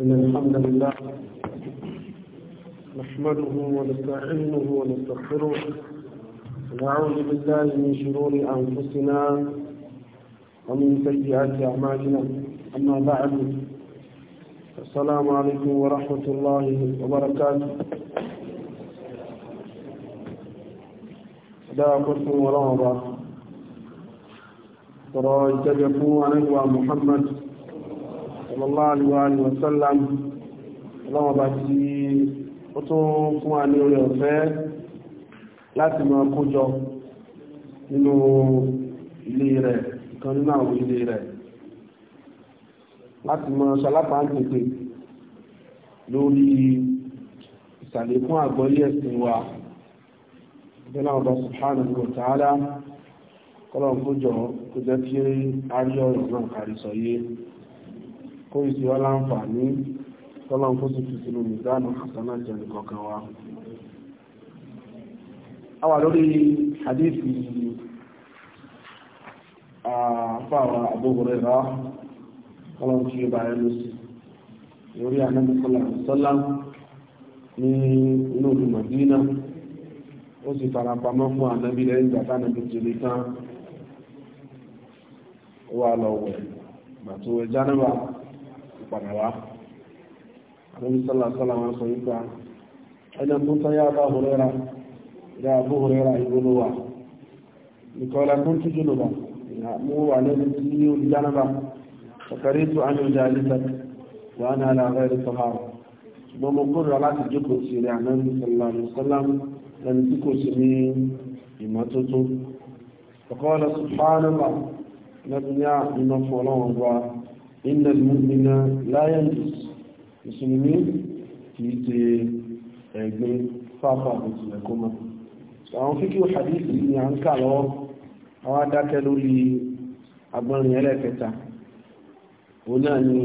إن الحمد لله نحمده ونستعينه ونستغفره ونعوذ بالله من شرور أنفسنا ومن سيئات أعمالنا أما بعد السلام عليكم ورحمة الله وبركاته لا أقسم ولا أرى ترى الجبع محمد sallallahu alaihi wa sallam ọlọ́wọ́ bá ti ó tó fún wa ní orí ọ̀fẹ́ láti máa kójọ nínú ilé rẹ̀ kan nínú àwọn ilé rẹ̀ láti máa ṣalápá ń pèpè lórí ìsàlékún àgbọ́lé ẹ̀sìn wa ìjọba ọba subhanahu wa ta'ala kọ́lọ̀ kójọ kó jẹ́ kí a kó ìsì wá láǹfààní tọ́lọ́n fún sí sínú mìdánù àtànà jẹ́rì kọ̀ọ̀kan wa a wà lórí hadithi àfàwà Abu Hurairah tọ́lọ́n fi bá ẹnu sí lórí ànábì sọ́lá ní inú ìlú Madina ó sì farapamọ́ fún ànábì lẹ́yìn gbàtà ànábì jẹ́rì tán wà lọ́wọ́ gbàtò ẹ̀já náà padà wá àbúrú sọ́là sọ́là wọn sọ wípé ẹni tó tọ́ yá bá hùrẹ́ra yá bó hùrẹ́ra ìgbóná wa nìkọ́lá tó ń tújú lò bá mú wà lẹ́nu tí ní olùdáná bá ọ̀kẹ́rẹ́ tó àmì ọjà àlítà wà ní aláàrẹ̀ rẹ̀ sọ́hárà ṣùgbọ́n mo kúrò láti jókòó sí rẹ̀ ànábì sọ́là sọ́là lẹ́nu tí kò sí ní ìmọ́tótó ọ̀kọ́lá sùpáánù bá lẹ́nu ní ah, inna al-mu'mina la yanjus mùsùlùmí kìí ṣe ẹ̀gbin fáfà ìtìlẹ̀ kó mọ́ àwọn fíkí hadithi ni a ń kà lọ́wọ́ àwọn adákẹ́ lórí agbọ́nrin ẹlẹ́kẹta òun náà ni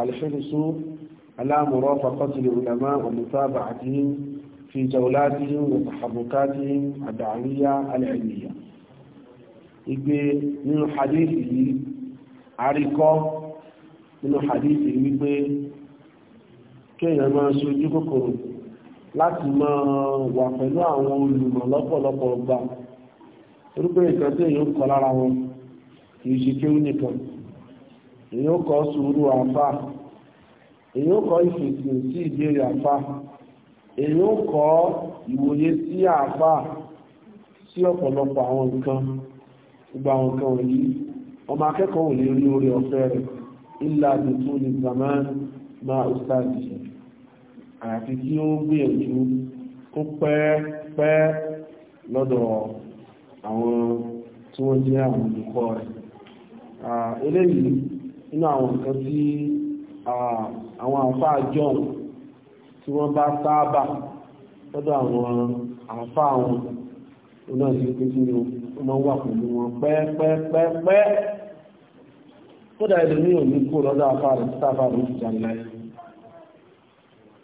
alhirisu alamuro fakọtìlì ulama olùtàbà àti fi jaulatihim wa tahabukatihim adàríyà alẹ́yìnìyà igbe nínú hadithi yìí àríkọ́ nínú hadithi wípé kéèyàn máa ṣojú kòkòrò láti máa wà pẹ̀lú àwọn olùmọ̀ lọ́pọ̀lọpọ̀ ọgbà orúkọ ìkan tí èyàn kọ lára wọn kìí ṣe kéwú nìkan èyàn kọ sùúrù àfà èyàn kọ ìfèsì sí ìbéèrè àfà èyàn kọ ìwòye sí àfà sí ọ̀pọ̀lọpọ̀ àwọn nǹkan gbogbo àwọn nǹkan wọ̀nyí ọmọ akẹ́kọ̀ọ́ ò lè rí orí ọ̀fẹ́ rẹ̀ ilá tuntun ní zaman máa ustazi àyàfi tí ó gbìyànjú kó pẹ́ pẹ́ lọ́dọ̀ àwọn tí wọ́n jẹ́ àwọn olùkọ́ rẹ̀ eléyìí inú àwọn nǹkan tí àwọn àfáà john tí wọ́n bá sáábà lọ́dọ̀ àwọn àfáà wọn náà sí pé ó máa ń wà pẹ̀lú wọn pẹ́ẹ́pẹ́ẹ́pẹ́ kódà ẹlòmíì ò ní kó lọ́dọ̀ afárẹ̀ tí afárẹ̀ ó ti jà láyé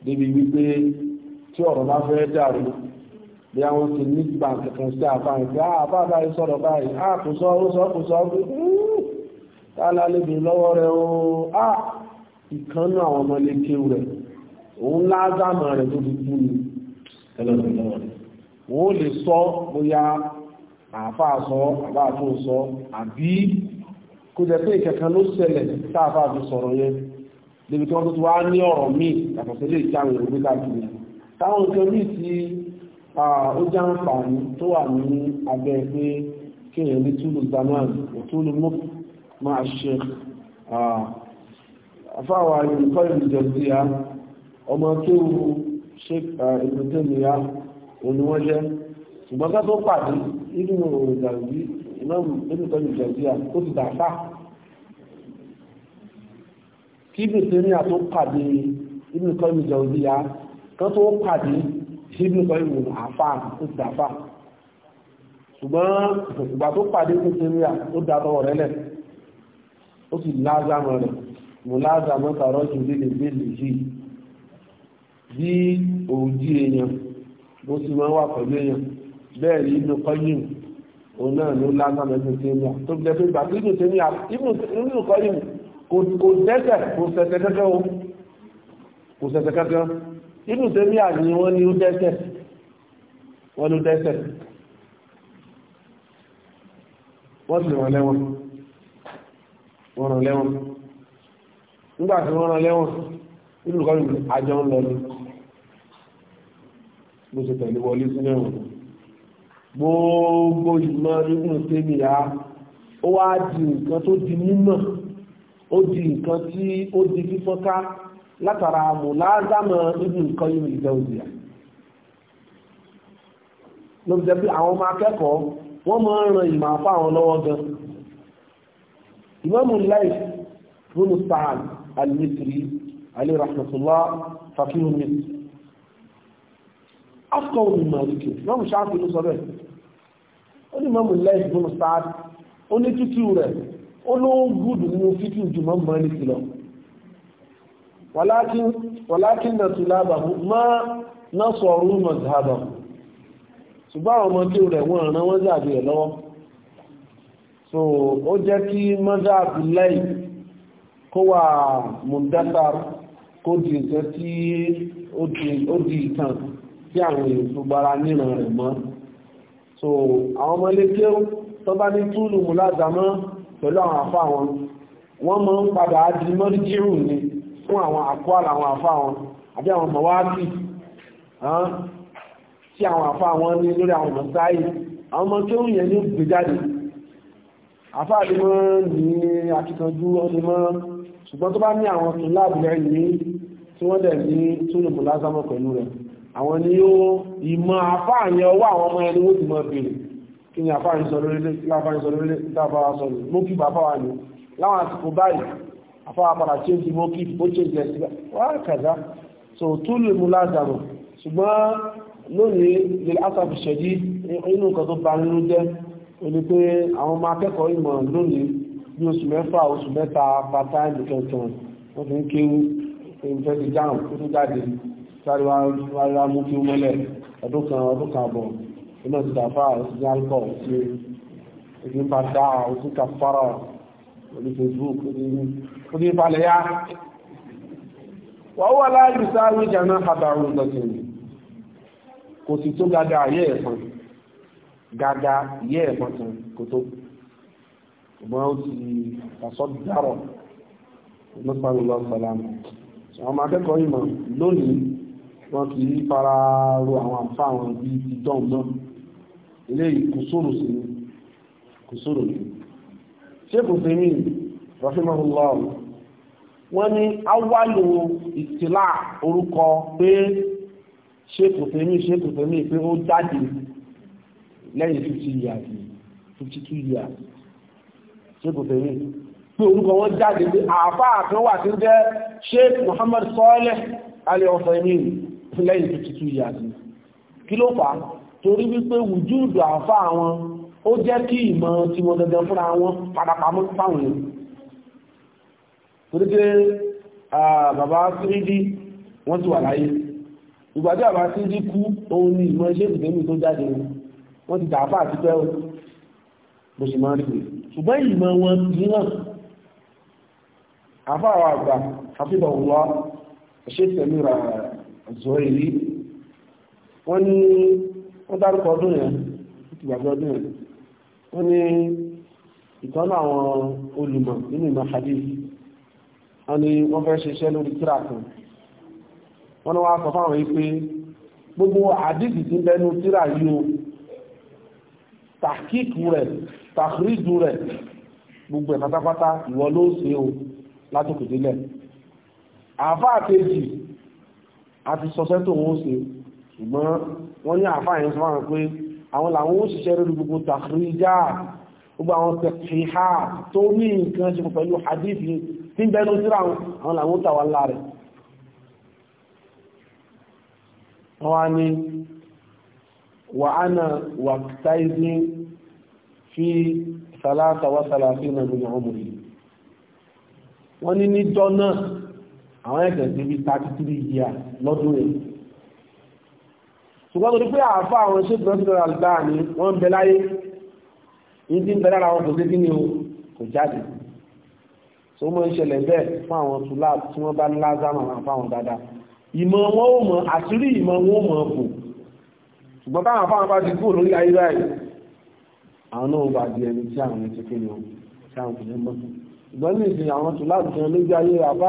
débi wípé tí ọ̀rọ̀ bá fẹ́ dàrú bí àwọn ti ní bàǹkì kan sí àfáàrin pé àbá ah, báyìí sọ̀rọ̀ báyìí a ah, kò sọ ó sọ kò sọ pé tálá lébi lọ́wọ́ rẹ̀ o a ah, ìkánú àwọn ọmọ ilé kéwù rẹ̀ òun lázàmà rẹ̀ tó fi kú ni ẹlọ́dọ̀ rẹ̀ òun lè sọ bóyá àáfàá sọ àbáà tó sọ àbí kó jẹ pé ìkẹ̀kẹ́ ló ṣẹlẹ̀ táàfàá fi sọ̀rọ̀ yẹn níbi tí wọ́n tó ti wá ní ọ̀rọ̀ míì yàtọ̀ sí ilé ìjáwé ìrògbé káàkiri táwọn nǹkan míì tí ó já ń fà ní tó wà ní abẹ́ pé kéèyàn ní túlù zaman òtúlù mú máa ṣe àfáwà ìrìnkọ́ ìrìnjẹ̀síyà ọmọ kéwu ṣe ìrìnkẹ́ nìyà òníwọ́jẹ́ ṣùgbọ́n ká tó pàdé nínú ìdàrúbí ìmáàmù nínú tọ́jú ìjọ̀díà ó ti dàáfà kí bèsè ní àtó pàdé nínú tọ́jú ìjọ̀díà kan tó pàdé nínú tọ́jú àfà ó ti dàáfà ṣùgbọ́n ìgbà tó pàdé bèsè ní àtó dàtọ̀ rẹ̀ lẹ̀ ó sì láàzámọ̀ ti máa bẹ́ẹ̀ ni Ibn Qayyim òun náà ló lágbára Ibn Taymiyyah tó jẹ́ pé ìgbà tí Ibn Taymiyyah Ibn Qayyim kò dẹ́sẹ̀ kò sẹ̀sẹ̀ kẹ́kẹ́ o kò sẹ̀sẹ̀ kẹ́kẹ́ Ibn Taymiyyah ni wọ́n ní ó dẹ́sẹ̀ wọ́n ló dẹ́sẹ̀ wọ́n sì rán lẹ́wọ̀n wọ́n rán lẹ́wọ̀n nígbà tí wọ́n rán lẹ́wọ̀n Ibn Qayyim àjọ ń lọ ní bó ṣe tẹ̀lé wọlé sí lẹ́wọ̀n gbogbo ìmọ̀ ibùn tèmíyà ó wá di nǹkan tó di mímọ̀ ó di nǹkan tí ó di fífọ́ká látara mùláàzámọ̀ ibùn kan yìí ìgbẹ̀wòdìyà ló jẹ́ pé àwọn ọmọ akẹ́kọ̀ọ́ wọ́n máa ń ran ìmọ̀ àfá àwọn lọ́wọ́ gan ìmọ̀mù láì rúnú sáà alìmítìrí alìrahmatullah fakirun mitri afọ òní màlìkì mọ́mù ṣáàfù ló sọ bẹ́ẹ̀ ó ní mọ́mù lẹ́yìn fún sáàdì ó ní títí rẹ̀ ó ló ń gùdù nínú fífi jù mọ́mù màlìkì lọ wàlákì nà tùlábà má ná sọ̀rọ̀ mọ̀ zàbà ṣùgbọ́n àwọn ọmọdé rẹ̀ wọ́n ràn wọ́n jáde ẹ̀ lọ́wọ́ so ó jẹ́ kí mọ́dà abdullahi kó wà mùdásà kó di nǹkan tí ó di ìtàn tí àwọn èèyàn tó gbára níran rẹ̀ mọ́ so àwọn ọmọ iléeṣẹ́ tó bá ní túlù mú lázàmọ́ pẹ̀lú àwọn àfa wọn wọ́n máa ń padà di mọ́ríjírù ni fún àwọn àkọ́àlà àwọn àfa wọn àbí àwọn mọ̀wáàkì tí àwọn àfa wọn ní lórí àwọn mọ̀sáì àwọn ọmọ tó ń yẹn ní gbé jáde àfa àti mọ́ ní akíkanjú ọdún mọ́ ṣùgbọ́n tó bá ní àwọn tó láàbù lẹ́yìn tí wọ́n dẹ̀ ní túlù mú lázàmọ́ pẹ̀lú rẹ̀ àwọn ni ó ìmọ̀ àfáàyẹ ọwọ́ àwọn ọmọ ẹni ó ti mọ̀ bèèrè kí ni àfáàyẹ sọ lórílẹ̀ tí láfáàyẹ sọ lórílẹ̀ tí sọ lórílẹ̀ mú kí bàbá ní láwọn àsìkò báyìí àfáà padà tí ó ó ṣe ìjẹ sí so tó lè mú ládàmù ṣùgbọ́n lónìí lè asàfi ṣẹ̀dí inú nǹkan tó ba nínú jẹ́ ó ní pé àwọn ọmọ akẹ́kọ̀ọ́ ìmọ̀ sáré wá rárá mú kí ó mọ́lẹ̀ ọdún kan ọdún kan bọ̀ iná ti dàfà òsì yánkọ̀ sí ìdí bá dá òsì kàfàrà orí facebook orí balẹ̀ yá wà ó wà láàyè sáré jàná àbàrù lọ́sìn kò sì tó gàgà ayé ẹ̀fọn gàgà ayé ẹ̀fọn kan kò tó ṣùgbọ́n ó ti àsọ́ dárọ̀ nípa ìlú ọ̀sán lánàá àwọn akẹ́kọ̀ọ́ ìmọ̀ lónìí wọ́n kì í fara ro àwọn àǹfà àwọn bí ti dán náà eléyìí kùsùrù sí ni kùsùrù ni ṣé kò sí mí rahimahullah wọ́n ní awálò ìtìlá orúkọ pé ṣé kò sí mí ṣé kò sí mí pé ó jáde lẹ́yìn fifty years fifty two years ṣé kò sí mí pé orúkọ wọn jáde pé àáfàá kan wà tí ń jẹ́ sheikh muhammad saleh al-Uthaymeen lẹ́yìn fifty two years ni kí ló fà á torí wípé wùjúùdù àfa wọn ó jẹ́ kí ìmọ̀ tiwọn dandan fúnra wọn padàpamọ́ fáwọn èèyàn torí pé bàbá sírídì wọ́n ti wà láyé ìgbà tí bàbá sírídì kú òun ni ìmọ̀ iṣẹ́ ìdẹ́mì tó jáde wọ́n ti dàáfà àti pẹ́ bó ṣe máa ń rí ṣùgbọ́n ìmọ̀ wọn mìíràn àfáà àgbà àfihàn wọ́n ṣe tẹ̀mí ra Zuhri wọ́n ní wọ́n dárúkọ ọdún yẹn ti gbàgbé ọdún yẹn wọ́n ní ìtọ́nà àwọn olùmọ̀ nínú ìmọ̀ hadith wọ́n ní wọ́n fẹ́ ṣiṣẹ́ lórí tíra kan wọ́n ní wọ́n á sọ fáwọn yìí pé gbogbo hadith ti bẹnu tíra yìí o tàkíkù rẹ̀ tàkíríjù rẹ̀ gbogbo ẹ̀ pátápátá ìwọ ló ń ṣe o látòkè délẹ̀ àáfàá kejì àti sọsẹ́ tó wọ́n ṣe ṣùgbọ́n wọ́n ní àfáàyàn sọ fáwọn pé àwọn làwọn ó ṣiṣẹ́ lórí gbogbo tàkìríjá gbogbo àwọn tẹ̀kìhá tó ní nǹkan ṣe pẹ̀lú hadithi tí ń bẹ́nu síra àwọn làwọn tàwà láàrẹ̀ wọ́n ní ní jọ àwọn ẹ̀jẹ̀ sí bí thirty three years lọ́dún rẹ̀ ṣùgbọ́n tó ní pé àáfà àwọn ṣé gbọ́dọ̀ àlùbá ni wọ́n ń bẹ láyé ní ti ń bẹ lára àwọn kò sí kí ni o kò jáde tó mọ́ ń ṣẹlẹ̀ bẹ́ẹ̀ fún àwọn tùlá tí wọ́n bá lázàmà àfáwọn dáadáa ìmọ̀ wọn ó mọ̀ àṣírí ìmọ̀ wọn ó mọ̀ bò ṣùgbọ́n táwọn afáwọn bá ti kúrò lórí ayé báyìí àwọn náà bá di ẹni tí àwọn ti kéde wọn tí àwọn kò ní mọ́ ṣùgbọ́n ní ìsìn àwọn tùlá tí wọn lójú ayé àbá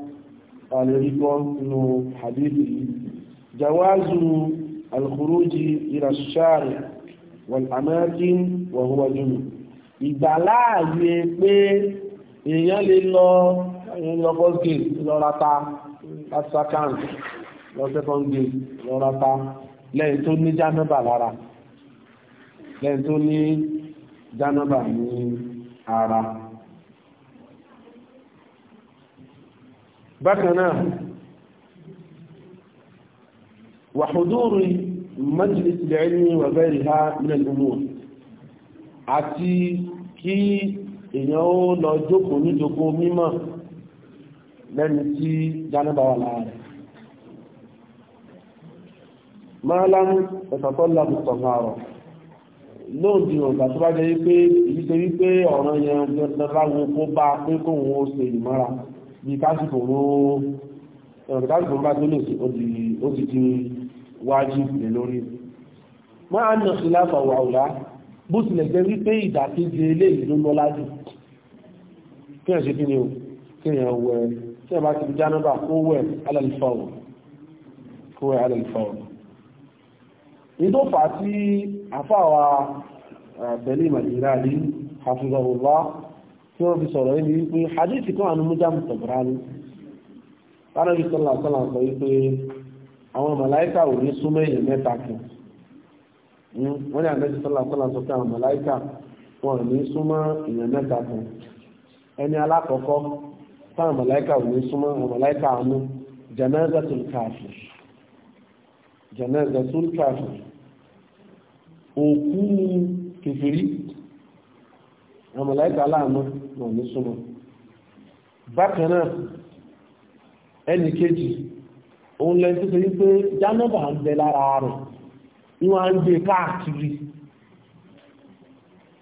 àlèríkọ́ nínú hadithi jawazu alkhuruji ila shari wal amakin wa huwa junu ìgbàláàyè pé èèyàn lè lọ lọ́kọ́sì lọ́rata asakan lọ́sẹ́kọ́ndì lọ́rata lẹ́yìn tó ní jánọ́bà lára lẹ́yìn tó ní jánọ́bà ní ara bákan náà wà hudúrù majlis al-ilmi wa ghayriha min al-umur àti kí èèyàn ó lọ jókòó ní jókòó mímọ̀ lẹ́ni tí jánàbà wà láàrẹ̀ máa lámú ẹ̀sàtọ́ lábùtọ̀ lóòdì ọ̀gbà tó bá jẹ́ wípé ìyíṣẹ́ wípé ọ̀ràn yẹn gbẹ̀rẹ̀ láwọn kó bá pé kóhun ó ṣe ìmọ́ra bí kásìkò ọ̀rọ̀ kásìkò bá tó lè sí ó ti di wájú lè lórí máa ń nà sí láfà wàhùlá bó tilẹ̀ jẹ́ wípé ìdàkejì eléyìí ló lọ́lá jù kí ẹ̀ ṣe kí ni o kí ẹ̀ wẹ̀ kí ẹ̀ bá ti já nọ́bà kó wẹ̀ alẹ́lifọ̀wọ̀ kó wẹ̀ alẹ́lifọ̀wọ̀ ìdófà tí àfáwà pẹ̀lú ìmàdìrà ní hafizahullah tí wọ́n fi sọ̀rọ̀ níbi wípé hadithi kan àánú mújá mùsọ̀bùrá ní tánàbí sọ́là sọ́là sọ wípé àwọn màláíkà ò ní súnmọ́ èèyàn mẹ́ta kan hmm? wọ́n ní àmẹ́sì sọ́là sọ́là sọ pé àwọn màláíkà wọn ò ní súnmọ́ èèyàn mẹ́ta kan ẹni alákọ̀ọ́kọ́ táwọn màláíkà ò ní súnmọ́ àwọn màláíkà àánú janazatul kafir janazatul kafir òkú kèfèrí àwọn màláíkà aláàánú wọn ní súnmọ́ bákan náà ẹnì kejì òun lẹ́yìn tó ṣe wípé jánọ́bà ń bẹ lára rẹ̀ ni wọ́n á ń gbé káàkiri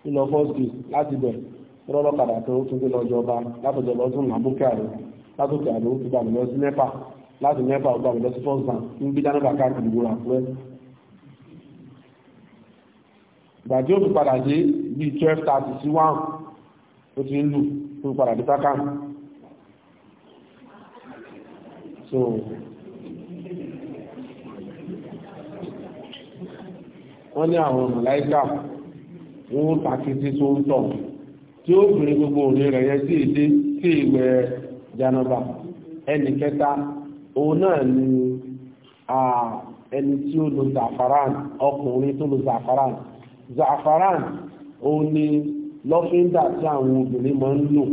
ìlọ fọ́sì láti bẹ̀ rọ́rọ́ padà tó tún gbé lọ́jọba látọ̀jọba tún làbókè àrùn látòkè àdó ti gbà lọ sí nẹ́pà láti nẹ́pà gbà lọ sí first bank ń gbé dáná bàkà àdúgbò àpẹ́. ìgbà tí ó fi padà dé bíi twelve thirty sí one ó ti ń lù fún so wọ́n ní àwọn mọ̀láíkà wọ́n tàkìtì tó ń tọ̀ tí ó bìnrin gbogbo òní rẹ̀ yẹ sí èdè sí ìwẹ̀ janaba ẹni kẹta òun náà ni ẹni tí ó lo zafaran ọkùnrin tó lo zafaran zafaran òun ni lọ́fíńdà tí àwọn obìnrin máa ń lò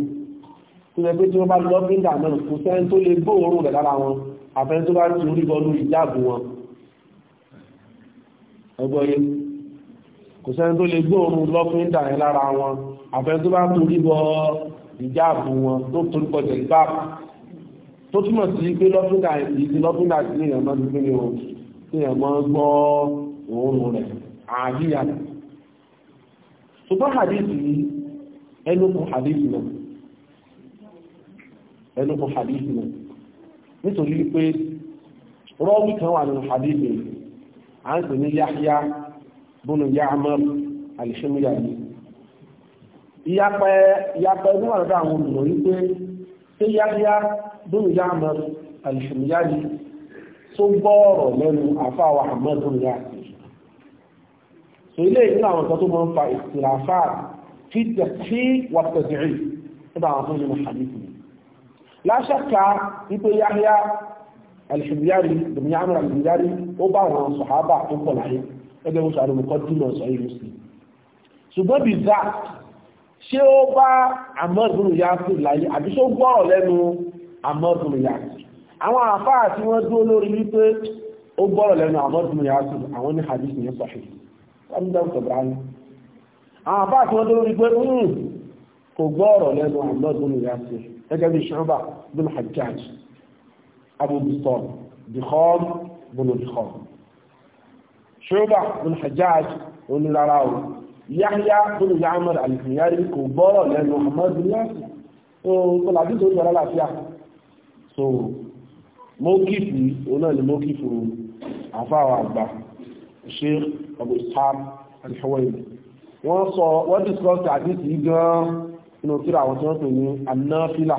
tó yẹ tí wọ́n bá lọ́fíńdà náà kò sẹ́ni tó lè gbóòórùn rẹ̀ lára wọn àfẹ́ni tó bá ti orí bọnú ìjáàbù wọn ẹgbọ́yé kò sẹ́ni tó lè gbóòórùn lọ́fíńdà yẹn lára wọn àfẹ́ni tó bá ti orí bọ ìjáàbù wọn tó torí bọ jẹ̀líbà tó túmọ̀ sí pé lọ́fíńdà yìí lọ́fíńdà sí ìyàmọ́ gbígbé ni wọn ìyàmọ́ gbọ́ òórùn rẹ̀ àbíyàtọ̀ ṣùgbọ́n hadith yìí ẹnukun hadith náà ẹnukun hadith náà nítorí pé rọ́wí kan wà nínú hadith yìí a ń pè ní Yahya bùnú Ya'mar alìṣẹ́míyà yìí ìyapẹ́ ìyapẹ́ ní wà lọ́dọ̀ àwọn olùmọ̀ wípé ṣé Yahya bùnú Ya'mar alìṣẹ́míyà yìí tó gbọ́ lẹ́nu àfáwà Ahmad bùnú Ya'mar ilé ìlú àwọn nǹkan tó máa ń fa ìsìlàfà fi tẹ̀sí wàtẹ̀sìrì nípa àwọn fún ìlú hadithi láṣàkà wípé yáyá alìṣìbíyárì dùnmíyàmù alìṣìbíyárì ó bá àwọn sọ̀hábà tó pọ̀ láyé ẹgbẹ́ wọn sọ̀rọ̀ mọ̀kọ́ dínà sọ ìlú sí ṣùgbọ́n bí zá ṣé ó bá àmọ́dúnrún yá sí láyé àbí ṣó gbọ́rọ̀ lẹ́nu àmọ́dúnrún yá sí àwọn àfáà tí wọ́n ó gbọ́rọ̀ sábúdáwù sọ̀bùránì àwọn àbá àti wọn tó rí pé hmm, kò gbọ́ ọ̀rọ̀ lẹ́nu àmọ́dún ní yàtọ̀ gẹ́gẹ́ bí ṣọ́bà bin hajjaj abu bisor bihom bin bihom ṣọ́bà bin hajjaj onílára o yáyá bin yamar alifiyari kò gbọ́ ọ̀rọ̀ lẹ́nu àmọ́dún ní yàtọ̀ kò làbí tó yọrọ láàfíà so mọ́kìfì onáà ni mọ́kìfì àfáwà àgbà sheikh Abu Ishaq al-Huwayni wọ́n sọ wọ́n discuss hadith yìí gan inú kíra àwọn tí wọ́n pè ní anáfílà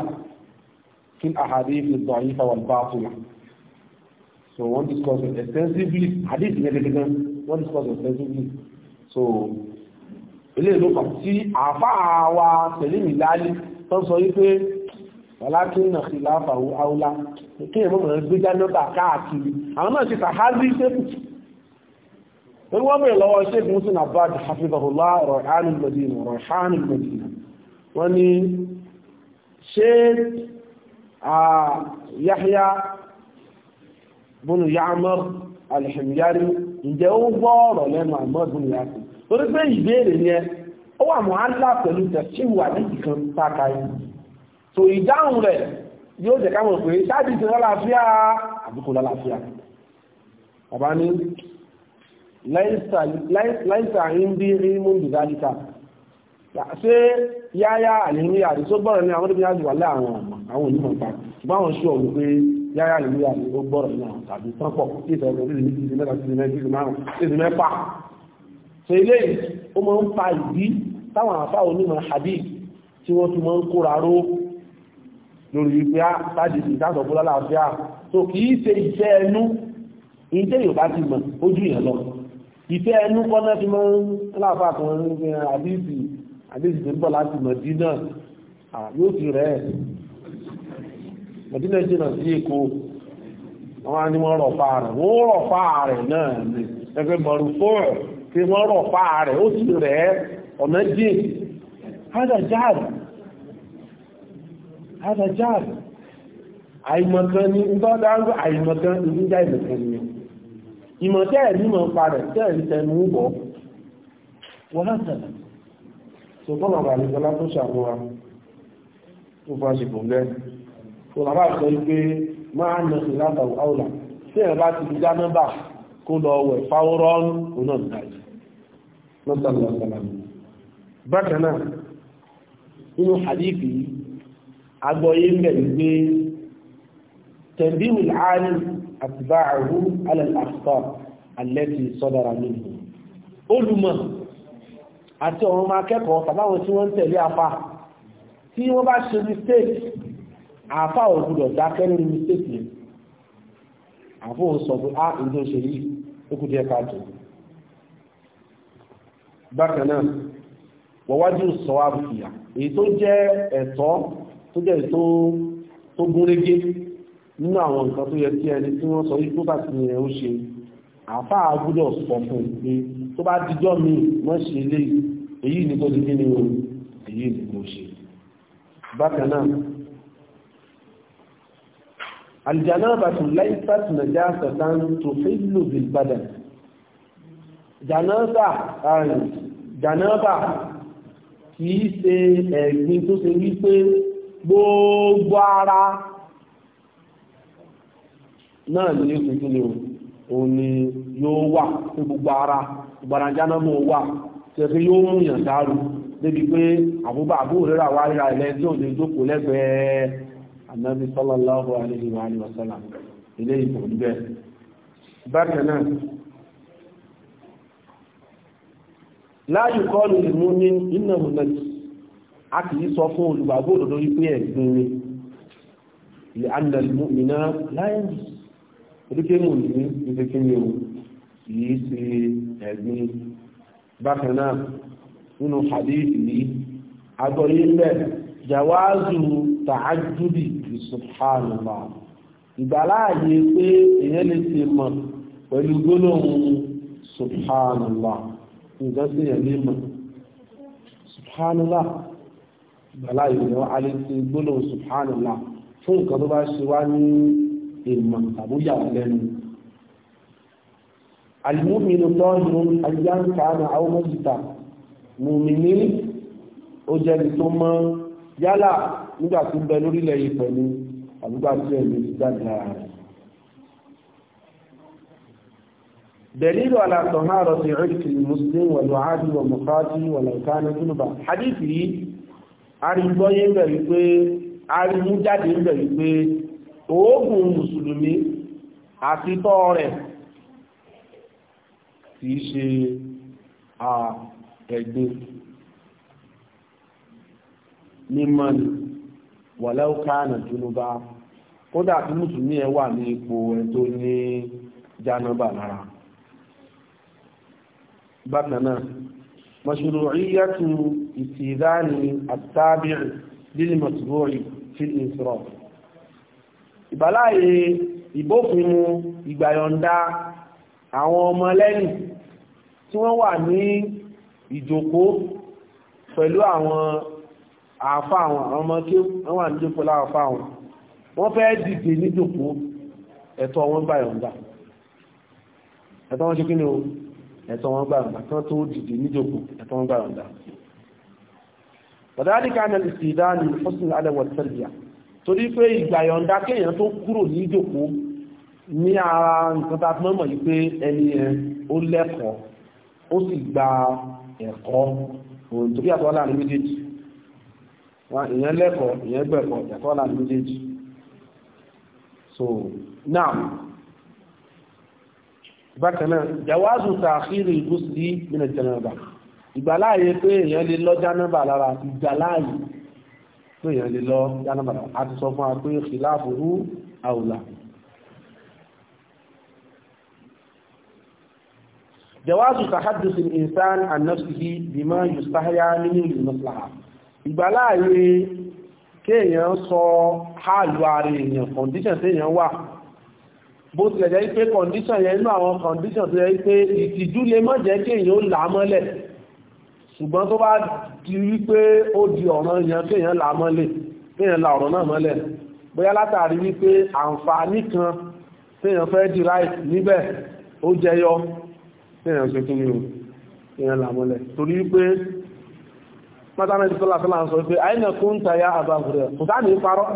kí ahadith ad-da'ifa wal-batila so wọ́n discuss it extensively hadith yẹn gẹ́gẹ́ gan wọ́n discuss it extensively so ilé ìlú kan tí àáfàá wa tẹ̀lé mi lálé tó sọ wípé wàlákín náà kìláfà àwòlá kí èèmọ̀ mọ̀ gbé jáde náà káàkiri àwọn náà ti sàhábí pẹ̀lú wọ́n bèèrè lọ́wọ́ ṣe fún sínú àbájì hafizahullah rọ̀hánì madina rọ̀hánì madina wọ́n ni ṣe yahya bunu ya'mar alhimyari ǹjẹ́ ó gbọ́ọ̀rọ̀ lẹ́nu ahmad bunu ya'mar torí pé ìbéèrè yẹn ó wà mọ́ allah pẹ̀lú tẹ̀síwò àdìsí kan pàkà yìí so ìdáhùn rẹ̀ yóò jẹ́ ká mọ̀ láìsà ń bí rí mú ìdájíta ṣé yáyá àlèmíyà àti tó gbọ́rọ̀ ní àwọn ìbíyàjú wà láàrin àwọn onímọ̀ ìta ṣùgbọ́n àwọn ṣọ́ wípé yáyá àlèmíyà àti tó gbọ́rọ̀ ní àwọn tàbí tánpọ̀ tí ìtẹ̀ẹ̀kọ̀ sí ìlú ìdí mẹ́ta sí ìlú márùn sí ìlú mẹ́fà ṣe ilé ó máa ń fa ìdí táwọn àfá onímọ̀ hadith tí wọ́n tún máa ń kóra ró lórí wípé á ah, sáàdì ìdájọ́ bọ́lá láàfíà tó kìí ṣe iṣẹ́ ẹnu ìjẹ́ yorùbá ti mọ̀ ojú ìyẹn lọ ìfẹ́ ẹnu kọ́nà fi mọ́ láàfà kan ní àdíìsì àdíìsì tó ń bọ̀ láti mọ̀dínà yóò ti rẹ̀ mọ̀dínà jìnà sí èkó àwọn ni wọ́n rọ̀ fà rẹ̀ wọ́n rọ̀ fà rẹ̀ náà ni ẹgbẹ́ mọ̀rù fún ẹ̀ tí wọ́n rọ̀ fà rẹ̀ ó sì rẹ̀ ọ̀nà jìn hádà jáàdì àìmọ̀kan ni ń tọ́ dáńgọ́ àìmọ̀kan ìdíjà ìmọ̀kan ni ìmọ̀ tẹ́ẹ̀rí mọ̀ pa rẹ̀ tẹ́ẹ̀rí tẹnu bọ̀ wọ́n látẹ̀lẹ̀ tó bọ́nà bà ní gbọ́lá tó ṣàmúwa tó bá ṣe bò lẹ́ tó bàbá sọ pé máa nà sí látàwọ̀ áwùlà tí ẹ̀ bá hadithi agbọ́yé ń bẹ̀ ní pé tẹ̀bí wìlárìn àtibáàrú alẹ́lẹ́sọ́ alẹ́tì sọ́dára nínú olùmọ̀ àti ọ̀run máa kẹ́kọ̀ọ́ tàbáwọn tí wọ́n tẹ̀lé afá tí wọ́n bá ṣe mistake afá ò gbọdọ̀ dákẹ́ lórí mistake yẹn àfó ń sọ pé á ah, ìdó ṣe yìí ó kù díẹ̀ káàtó bákan náà wọ́wájú sọ àbùkìyà èyí tó jẹ́ ẹ̀tọ́ tó jẹ́ èyí tó gúnrégé nínú àwọn nǹkan tó yẹ kí ẹni tí wọ́n sọ yí tó bá ti yẹn ó ṣe àáfàá gbọ́dọ̀ sọ fún un pé tó bá dijọ́ mi wọ́n ṣe lé èyí ni kò dídí ni o èyí ni kò ṣe. bákan náà aljanabatu laysat najasatan tuhillu bil badan jànáàbà jànáàbà kìí ṣe ẹ̀gbin tó ṣe wípé gbogbo ara náà ní ìpínlẹ̀ lè òun ni yóò wà ní gbogbo ara ìgbàranjánámọ̀ wà tẹ̀fẹ́ yóò mú yàn dáru débi pé àbúbà àbúrò rírà wá ríra ilẹ̀ tí òun lè jókòó lẹ́gbẹ̀ẹ́ anábì sallallahu alaihi wa alihi wa sallam ilé ìbò níbẹ̀ bákan náà láàyè kọlù ìmú ní iná mùnàjì a kìí sọ fún olùgbàgbọ́ òdòdó wípé ẹ̀gbìn rẹ̀ lè annal mu'mina láyé oríkèémù ní ìdíkèémù yìí ṣe ẹ̀gbin bákan náà nínú hadithi yìí agbọ́yé ń bẹ̀ jawazu ta'ajjudi subhanallah ìgbàláàyè pé èyàn lè ṣe mọ̀ pẹ̀lú gbólóhùn subhanallah nǹkan sí èyàn lè mọ̀ subhanallah ìgbàláàyè ni wọ́n a lè ṣe fún nǹkan tó bá ṣe wá ní èèmọ̀ àbúyà lẹ́nu alìmúmìnú tọ́jú ajáǹkà náà àwọn mọ́jìta mùmìnì ó jẹ́ni tó mọ́ yálà nígbà tó bẹ lórílẹ̀ yìí pẹ̀lú àbúgbà tí ẹ̀mí ti jáde lára rẹ̀ دليل على طهارة عرق المسلم والوعاد والمقاتل ولو كان جنبا حديثي أريد أن يقول أريد أن يقول oògùn mùsùlùmí àti tọ́ rẹ̀ kì í ṣe ẹ̀gbin mímọ́ ni wọ̀lẹ́ òkàánà jùlọba kódà tí mùsùlùmí ẹ wà ní ipò ẹ̀ tó ní jánàbà lára bákanáà mashru'iyyatu istidhani at-tabi' lil fi al ìbáláyé ìbófinmu ìgbàyọ̀ǹda àwọn ọmọ lẹ́yìn tí wọ́n wà ní ìjòkó pẹ̀lú àwọn àáfà àwọn ọmọ tí wọ́n wà ní ìjòkó láàfà àwọn wọ́n fẹ́ dìde níjòkó ẹ̀tọ́ wọn gbàyọ̀ǹda ẹ̀tọ́ wọn ṣe kí ni o ẹ̀tọ́ wọn gbàyọ̀ǹda kan tó dìde níjòkó ẹ̀tọ́ wọn gbàyọ̀ǹda wàdádìkà náà ìsìdá ni fọ́sùn alẹ́wọ̀ tẹ́lẹ̀ torí pé ìgbàyọ̀ǹda kéèyàn tó kúrò ní ìjòkó ní ara nǹkan tá a mọ̀ yìí pé ẹni yẹn ó lẹ́kọ̀ọ́ ó sì gba ẹ̀kọ́ òun torí àtọ́ láàrin méjèèjì wọn èèyàn lẹ́kọ̀ọ́ èèyàn gbẹ̀kọ̀ ẹ̀kọ́ láàrin méjèèjì so now bákan náà jawazu tààkìrì ìgbósìlì nínú ìjẹnàbà ìgbàláàyè pé èèyàn lè lọ́jà náà bà lára ìgbàláàyè tó yẹn lè lọ yánàbàdà a ti sọ fún wa pé kìláàbùrú àwùlà jawazu tahadduth al-insan an nafsihi bima yustahya minhu al-maslaha ìgbàláàyè kéèyàn sọ hálù ara èèyàn kọ̀ndíṣàn tí èèyàn wà bó tilẹ̀ jẹ́ pé kọ̀ndíṣàn yẹn inú àwọn kọ̀ndíṣàn tó yẹ pé ìtìjú lè má jẹ́ kéèyàn ó là á mọ́lẹ̀ ṣùgbọ́n tó bá di wípé ó di ọ̀ràn yẹn kéèyàn là mọ́lẹ̀ kéèyàn la ọ̀rọ̀ náà mọ́lẹ̀ bóyá látàrí wípé àǹfààní kan téèyàn fẹ́ di ráì níbẹ̀ ó jẹyọ téèyàn ṣe kí ni o kéèyàn là mọ́lẹ̀ torí wípé mọ́tàmẹ́tì tó lásán là ń sọ pé àìnà kó ń tayá àbáfúrẹ́ kò sáà ní parọ́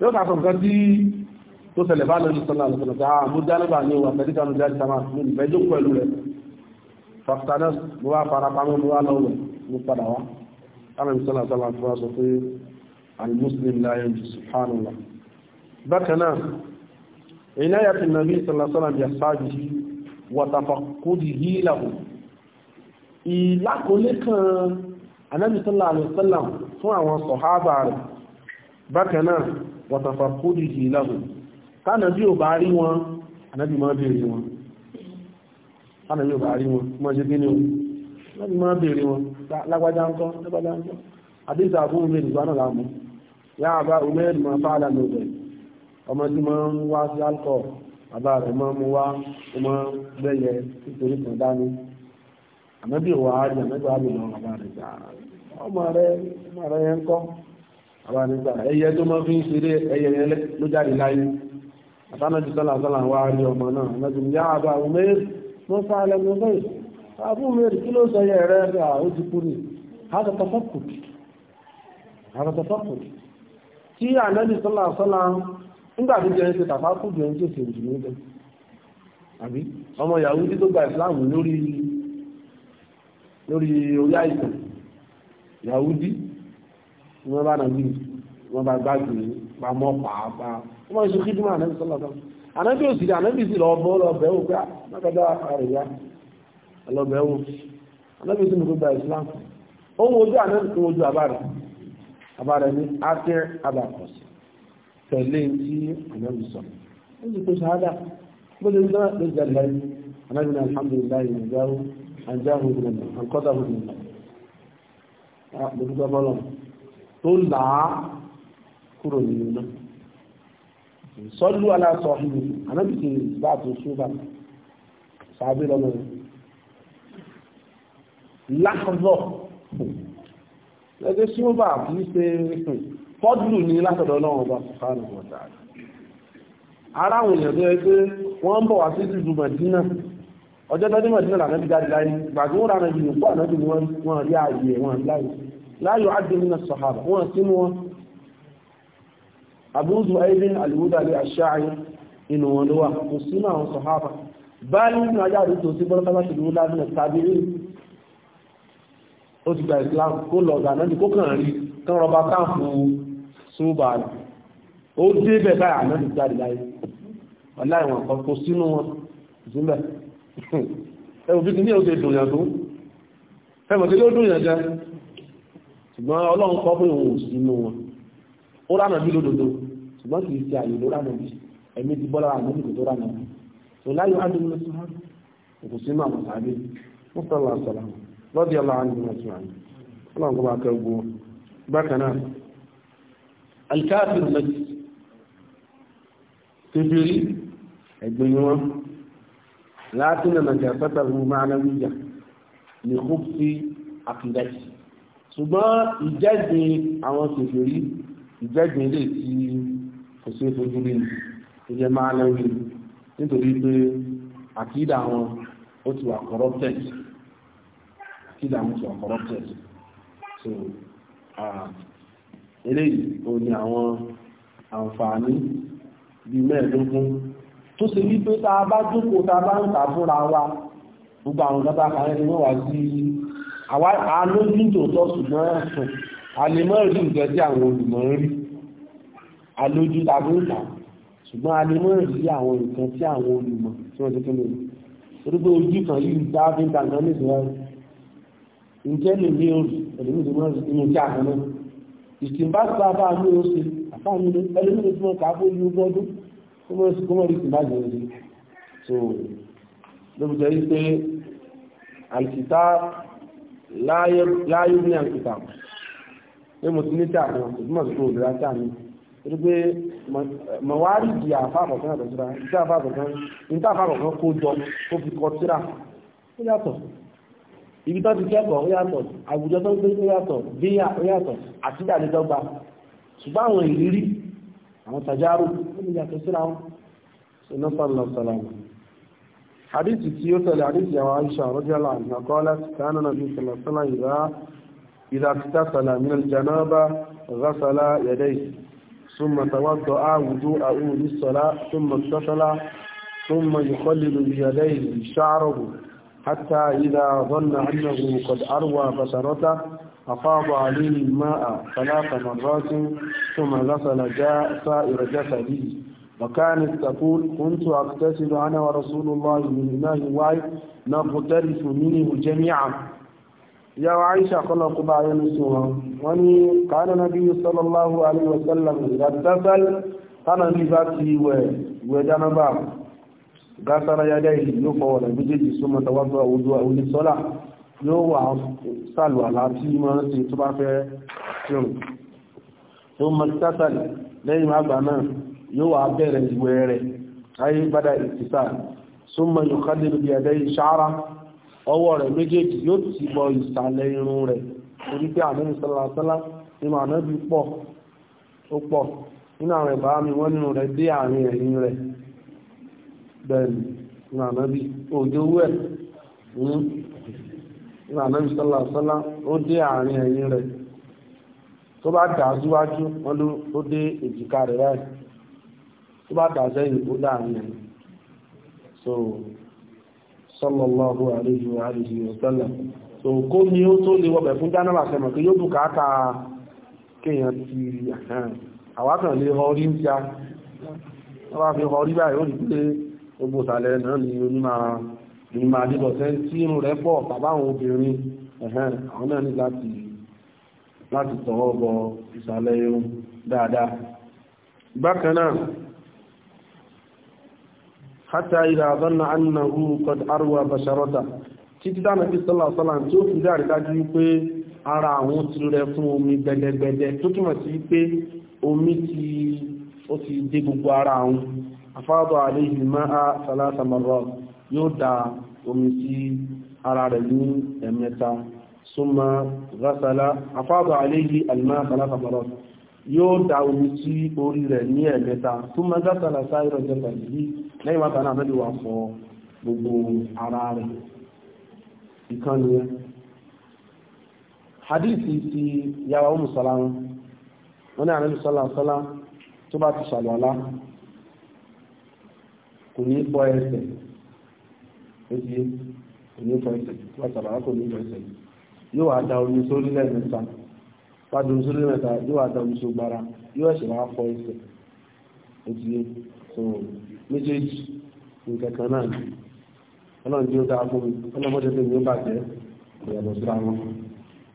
yóò kà sọ nǹkan tí tó ṣẹlẹ̀ bá lọ́jọ́ sọ́lá lọ́sọ̀lọ́sọ̀ ah, ni o àfẹ́díkanu jáde sáma ní fàtàdà mo wá fara pamọ́ mo wá lọ́wọ́ mo padà wá ánàbí sọ́nà sọ́nà fún wa sọ pé alimuslim láyé subhanallah bákan náà iná yàtì nàbí sọ́nà sọ́nà bí asáàbì wàtàfàkùdì hílàhù ìlàkọlé kan anábì sọ́nà alẹ́sọ́nà fún àwọn sọ̀hábà rẹ̀ bákan náà wàtàfàkùdì hílàhù tánàbí ò bá rí wọn anábì máa bèèrè wọn sáàmì yóò bá rí wọn mọ́ ṣe kí ni wọn láti máa bèèrè wọn lágbájá ń kọ́ lágbájá ń kọ́ àdéhùn àbú omi ìdìbò náà láàmú yá àbá omi ẹ̀rì máa bá àdá lọ́bẹ̀ ọmọ tí máa ń wá sí alkọ bàbá rẹ̀ máa mú wá ó máa bẹ́yẹ nítorí kan dání àmọ́bí ìwà àárín àmọ́bí àbí lọ bàbá rẹ̀ gbà ọmọ rẹ̀ ọmọ rẹ̀ yẹn ń kọ́ bàbá rẹ̀ gbà ẹyẹ tó máa fi ń ṣeré ẹyẹ yẹn ló jáde láyé àtànà ti sọ́là sọ́là wá rí ọmọ náà mo fa alẹ́nu bẹ́ẹ̀ àbúrò mi rí kí ló sọ yẹ rẹ rẹ àwọn ti kú ni hàtà tafakù hàtà tafakù tí ànábì sọlá sọlá nígbà tó jẹun ṣe Yahudi tó gba ìsìláàmù lórí lórí Yahudi ni wọ́n bá nàbí wọ́n bá gbàgbé pamọ́ pàápàá wọ́n máa ń ṣe kídìmọ̀ ànábì sọlá sọlá ànábì ò sì rí ànábì sì lọ bọ́ lọ bẹ̀wò pé àmọ́kọ́dá ah, àríyá lọ bẹ̀wò ànábì sì nìkú gba Islam ó ń wojú ànábì tó wojú àbárẹ̀ àbárẹ̀ ní ákẹ́ abàkọ̀sì tẹ̀lé tí ànábì sọ ó sì pé ṣáádà bó lè dá ló jẹ lẹ́yìn ànábì ní alhamdulilayi nàìjáwó àjáwó ìgbìmọ̀ àǹkọ́dà ìgbìmọ̀ lórúkọ bọ́lọ̀ tó là á kúrò nínú náà sọ́lú aláṣọ ìlú anábìkì bá tó ṣúgbà sàábé lọ́nà láàzọ̀ lẹ́gbẹ́ ṣúgbà kìí ṣe hmm, fọ́dùlù ní látọ̀dọ̀ náà ọba sùfánù ọ̀tà ara àwọn èèyàn tó yẹ pé wọ́n ń bọ̀ wá sí ìlú Mẹ̀dínà ọjọ́ tó ní Mẹ̀dínà lànà ti jáde láyé ìgbà tí wọ́n rà náà jù ní pọ̀ náà jù wọ́n rí ààyè wọn láyé láyò á dé nínú wọ́n sínú wọn abúzù aibin alìwúdàlì àṣáàyí inú wọn ló wà kò sínú àwọn sọ̀hábà bá nínú ajá àrí tó sí bọ́lọ́tàbá ṣe ló lábínà tàbí rí ó ti gba islam kó lọ ọ̀gá náà kó kàn rí kán rọba káàfù súbà rẹ̀ ó dé bẹ̀ báyà náà ti jáde láyé ọ̀lá ṣùgbọ́n ọlọ́run kọ́ fún ìwọ̀n sínú wọn ó rànà bí lódodo ṣùgbọ́n kì í ṣe àyè ló rànà bí ẹ̀mí ti bọ́ lára àmọ́bí kò tó rànà bí tó láyò ádùn ló sọ́hán kò sí máa mọ̀sáàbí wọ́n sọ̀rọ̀ àṣọ̀rọ̀ lọ́dí ọlá àdùn ló sọ́hán ọlọ́run kó bá kẹ́ ogun bákan náà alikaafiru lẹ́tì kébìrì ẹ̀gbìn wọn àwọn kèfèrí ìgbẹ́gbìn ilé tí kò sí fojú rí tó jẹ́ máa lẹ́wì nítorí pé àkídà wọn ó ti wà corrupted àkídà wọn ti wà corrupted so eléyìí ó ní àwọn àǹfààní bíi mẹ́ẹ̀ẹ́dógún tó ṣe wípé tá a bá jókòó tá a bá ń ta fúnra wa gbogbo àwọn ìjọba kan ẹni wọ́n wá sí àwa àánú ní ṣùgbọ́n ẹ̀sùn alẹ́mọ́ rí nǹkan tí àwọn olùmọ̀ ń rí alójú labúrúta ṣùgbọ́n alẹ́mọ́ rí àwọn nǹkan tí àwọn olùmọ̀ tí wọ́n ti kí lórí orúkọ ojú kan yìí dá fíńtà náà ní ìsìnwájú ǹjẹ́ lè ní orí ẹ̀lẹ́mí tó mọ́ inú tí àwọn náà ìsìnbá sí bá ní ó ṣe àfáàmì ní ẹlẹ́mí tó mọ́ ká fún ìlú gbọ́dún tó mọ́ sí kọ́mọ́ rí ìsìnbá jẹ́ rí so lóbi jẹ́ wípé àìsìta láyé ní àìsìta pé mo ti ní tí àná ìgbìmọ̀ sí òòlù láti àná torí pé mọ̀wárí di àfa àkọ́kọ́ náà tọ́síra ní tí àfa àkọ́kọ́ ní tí àfa àkọ́kọ́ kó jọ kó fi kọ síra ó yàtọ̀ ibi tó ti kẹ́kọ̀ọ́ ó yàtọ̀ àwùjọ tó ń gbé ó yàtọ̀ bíyà ó yàtọ̀ àti ìdánidọ́gba ṣùgbọ́n àwọn ìrírí àwọn tàjárò ó ní yàtọ̀ síra wọn iná sọ̀rọ̀ sọ̀rọ̀ حديث سيوت الحديث يا عائشة رضي الله عنها قالت كان النبي صلى الله عليه وسلم إذا اغتسل من الجنابة غسل يديه ثم توضأ وضوءه للصلاة ثم اغتسل ثم يخلل بيديه شعره حتى إذا ظن أنه قد أروى بشرته أفاض عليه الماء ثلاث مرات ثم غسل جاء سائر جسده وكانت تقول كنت أغتسل أنا ورسول الله من إناء واحد نغترف منه جميعا ìyàwó Aisha kọ́lọ̀ kó bá yẹnu sí wọn wọ́n ní kàánà nàbí sallallahu alaihi wasallam ìdàtàfẹ́l tánà ní bá ti wẹ̀ ìwẹ̀ jánábà gásàrà yádá ìlú yóò fọwọ́ rẹ̀ méjèèjì súnmọ́ tọwọ́tọ́ àwùjọ àwùjọ sọ́là yóò wà sàlù àlàáfí máa ṣe tó bá fẹ́ tíun tó mọ̀ sátàlì lẹ́yìn àgbà náà yóò wà bẹ̀rẹ̀ ìwẹ̀ ayé gbádà ìtìsà súnmọ́ yóò kádìrì bí ẹ̀dẹ́ ìṣára ọwọ́ rẹ̀ méjèèjì yóò ti bọ ìsàlẹ̀ irun rẹ̀ torí pé àmì ìsàlásálá nínú ànábì pọ̀ ó pọ̀ nínú àwọn ẹ̀bá mi wọ́n nínú rẹ̀ dé àárín ẹ̀yìn rẹ̀ bẹ́ẹ̀ni nínú ànábì òjò owó ẹ̀ hmm, nínú ànábì ìsàlásálá ó dé àárín ẹ̀yìn rẹ̀ tó bá dà síwájú wọn ló ó dé èjìká rẹ̀ báyìí tó bá dà sẹ́yìn ó dà àárín ẹ̀yìn so sallallahu alayhi wa alihi so kó ní ó tó lè wọ́bẹ̀ fún dáná àṣẹ mọ̀ pé yóò bù káàkà kéèyàn ti àwákan lè họ rí ń ta wọ́n bá fi họ rí báyìí ó rí pé gbogbo ni onímọ̀ àdébọ̀sẹ́ tí irun rẹ̀ pọ̀ tàbáwọn obìnrin àwọn hátà ìlà àbánà annahu qad arwa basharata títí dáná bí sọ́lá sọ́lá tí ó fi dárí dájú wípé ara àwọn ti rẹ fún omi gbẹdẹgbẹdẹ tó túmọ̀ sí wípé omi ti ó ti dé gbogbo ara àwọn afáàbọ̀ àléhì máa sàlásà mọ̀rọ̀ yóò da omi sí ara rẹ̀ ní ẹ̀mẹ́ta súnmọ́ rásálá afáàbọ̀ àléhì àlìmá sàlásà mọ̀rọ̀ yóò omi sí orí rẹ̀ ní ẹ̀mẹ́ta súnmọ́ rásálá sáírọ̀ jẹ́ lẹ́yìn wá bàánà mẹ́lú wa fọ gbogbo ara rẹ̀ ìkan ni hadithi ti yàwó musalama wọn ní àrẹ́lú sọ́lá tó bá ti ṣàlọ́lá kò ní bọ́ ẹsẹ̀ ẹsẹ̀ kò ní bọ́ ẹsẹ̀ tó bá ṣàlọ́lá kò ní bọ́ ẹsẹ̀ yóò wá omi sórí lẹ́ẹ̀mẹ́ta yóò wá omi sógbára yóò ẹ̀ṣẹ̀ wá fọ ẹsẹ̀ òtíye so méjèèjì nǹkan kan náà ni ọlọ́run tí ó dáa fún mi ọlọ́mọdé tí mi ó bàjẹ́ ìyàtọ̀ síra wọn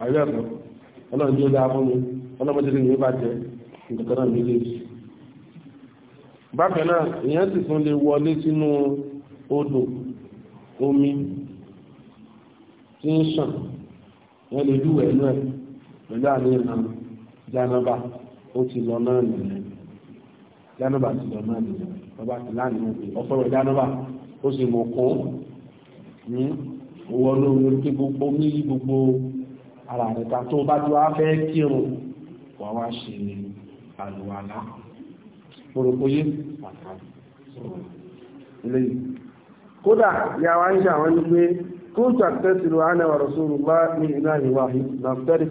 àríyàtọ̀ ọlọ́run tí ó dáa fún mi ọlọ́mọdé tí mi ó bàjẹ́ nǹkan kan náà méjèèjì bákan náà èèyàn sì tún lè wọlé sínú odò omi tí ń sàn wọ́n lè lúwẹ̀ẹ́ náà pẹ̀lú àmì ìhàn jánábà ó ti lọ náà nìyẹn jánúbà ti lọ náà ọba ti láàrin òkè ọsọrọ jánúbà ó sì mọ kó ní owó olórí orí gbogbo ní gbogbo ara rẹ̀ ta tó bá tó wá fẹ́ kírun wà wá ṣe pòròpóyé pàtàkì eléyìí kódà ń ní pé kúntà tẹ́sìlò àná wà rọ̀sùrù bá ní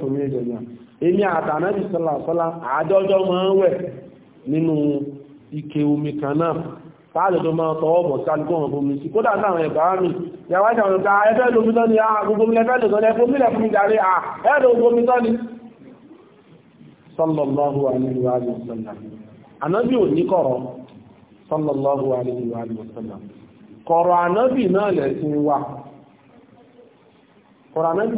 fún mi èmi àádọ́jọ́ máa ń wẹ̀ nínú ike omi kan náà táàlẹ̀dọ́ máa tọwọ́ bọ̀ sálùkọ́ ọ̀bọ̀ mi sí kódà náà ẹ̀bá mi yàwájà wọn ta ẹgbẹ́ lómi tán ni a ah, gbogbo mi lẹ́fẹ́ lọ́sọ́ lẹ́fẹ́ mi lẹ́fẹ́ mi jàre à ah, ẹ̀rọ omi tán ni sallallahu alaihi wa sallam ànábì ò ní kọ̀rọ̀ sallallahu alaihi wa sallam kọ̀rọ̀ ànábì náà lẹ̀sìn wa kọ̀rọ̀ ànábì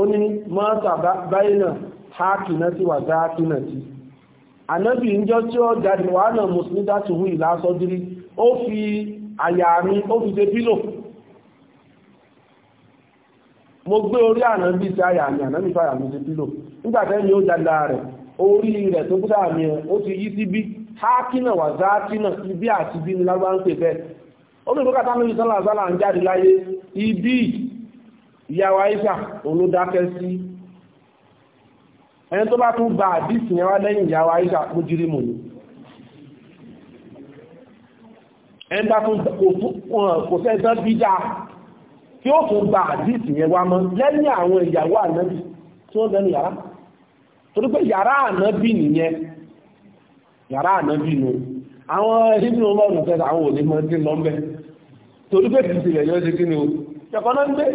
ó ní mọ́ta báyìí náà hákìnátì wà dáákìnátì ànábì ń jọ tí ó jáde wà náà mùsùlùmí dátì wù ìlàsọ́dírí ó fi àyà mi ó fi ṣe bílò mo gbé orí ànábì sí àyà mi ànábì sí àyà mi ṣe bílò nígbàtẹ́ ni ó jáde rẹ̀ orí rẹ̀ tó kúta mi ó ti yí sí bí wà ibi àti ibi ni ń pè bẹ́ẹ̀ ó ibi ìyàwó òun ló ẹni tó bá tún gba àdísì yẹn wá lẹ́yìn ìyàwó àìṣà mújírí mù ní ẹni bá tún kò sẹ́sán bídá tí ó tún gba àdísì yẹn wá mọ́ lẹ́yìn àwọn ìyàwó ànábì tí wọ́n lẹ́nu yàrá torí pé yàrá ànábì nìyẹn yàrá ànábì nù àwọn ìbínú ọlọ́run fẹ́ àwọn òní mọ́ sí lọ́mbẹ́ torí pé kìí ṣe yẹ̀yọ́ ṣe kí ni o ṣẹ̀kọ́ náà ń gbé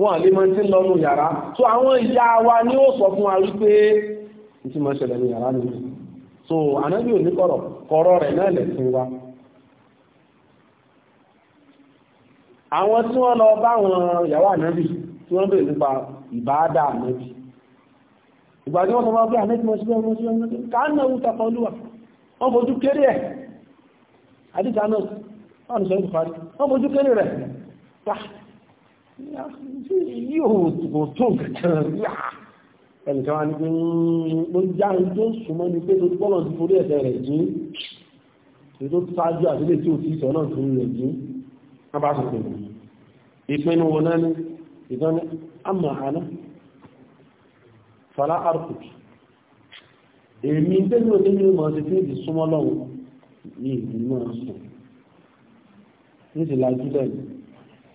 wọn alima lọ́nu so àwọn ìyá wa ni ó sọ fún wa wípé tí mo ṣẹlẹ̀ ní yàrá nínú so ànábì ò kọ̀rọ̀ na rẹ̀ náà wa àwọn tí wọ́n lọ bá wọn yàwó ànábì tí wọ́n bèèrè nípa ìbáadà ànábì ìgbà tí wọ́n sọ mọ́ tapọ̀ yóò tó tó kẹ̀kẹ́ rí à ẹnìkan wá ní pé ló já tó súnmọ́ ní pé lórí bọ́lọ̀ ti forí ẹ̀sẹ̀ rẹ̀ jí èyí tó ṣáájú àdílé tí ò ti sọ náà torí rẹ̀ jí wọ́n bá sọ pé ìpinnu wọn náà ní ìtàn ní èmi tẹ́lú ní ní ọmọ ti fèèdì súnmọ́ lọ́wọ́ ní ìgbìmọ̀ sùn ní ti lajú lẹ́yìn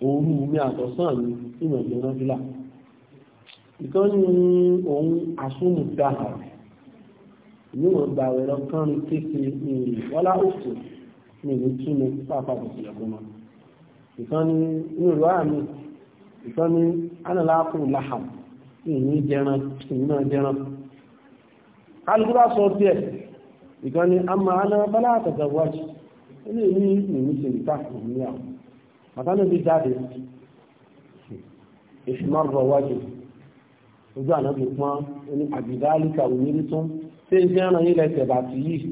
òru mi àtọ̀sán mi tí mo jẹ́ nọ́fílà ìkan òun àsúnmù dáhà ní wọn gba ẹ̀rọ kánrin kékeré ní ìrìn wọlá ní ìlú túnú pàápàá kò ẹ̀kọ́ mọ́ ìkan ní ìlú àmì làhàm ìní jẹran ìná jẹran alùpùpù sọ díẹ̀ ní ìmísìn ìtàkùn ní àwọn màtánà bí jáde ìṣùmọ̀rọ̀ wájú ojú ànábì pọ́n ní àbìdálíkà òmìnirí tún tí ń fi ń ràn yín lẹ́sẹ̀ bàtì yìí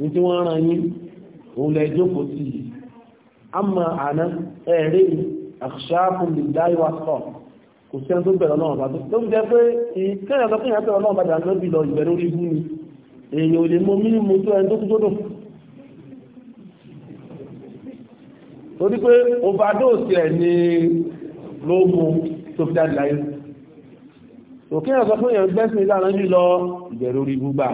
ní tí wọ́n ràn yín òun lẹ jókòó sí yìí àmọ́ àná ẹ̀rí àṣàkùn lè dáyé wá sọ kò sí ẹni tó bẹ̀rẹ̀ náà bá tó ń jẹ́ pé ìkẹ́yàn tó kéèyàn bẹ̀rẹ̀ náà bá dà lọ́bì lọ ìbẹ̀rẹ̀ orí ibú ni èèyàn ò lè mọ mímú tó ẹni tó kú tó dùn torí pé overdose ẹ̀ ni ló mú tó fi jáde láyé òkè ẹ̀sọ́ fún èèyàn gbẹ́sìn ìlànà lílọ ìbẹ̀rù orí gbúgbà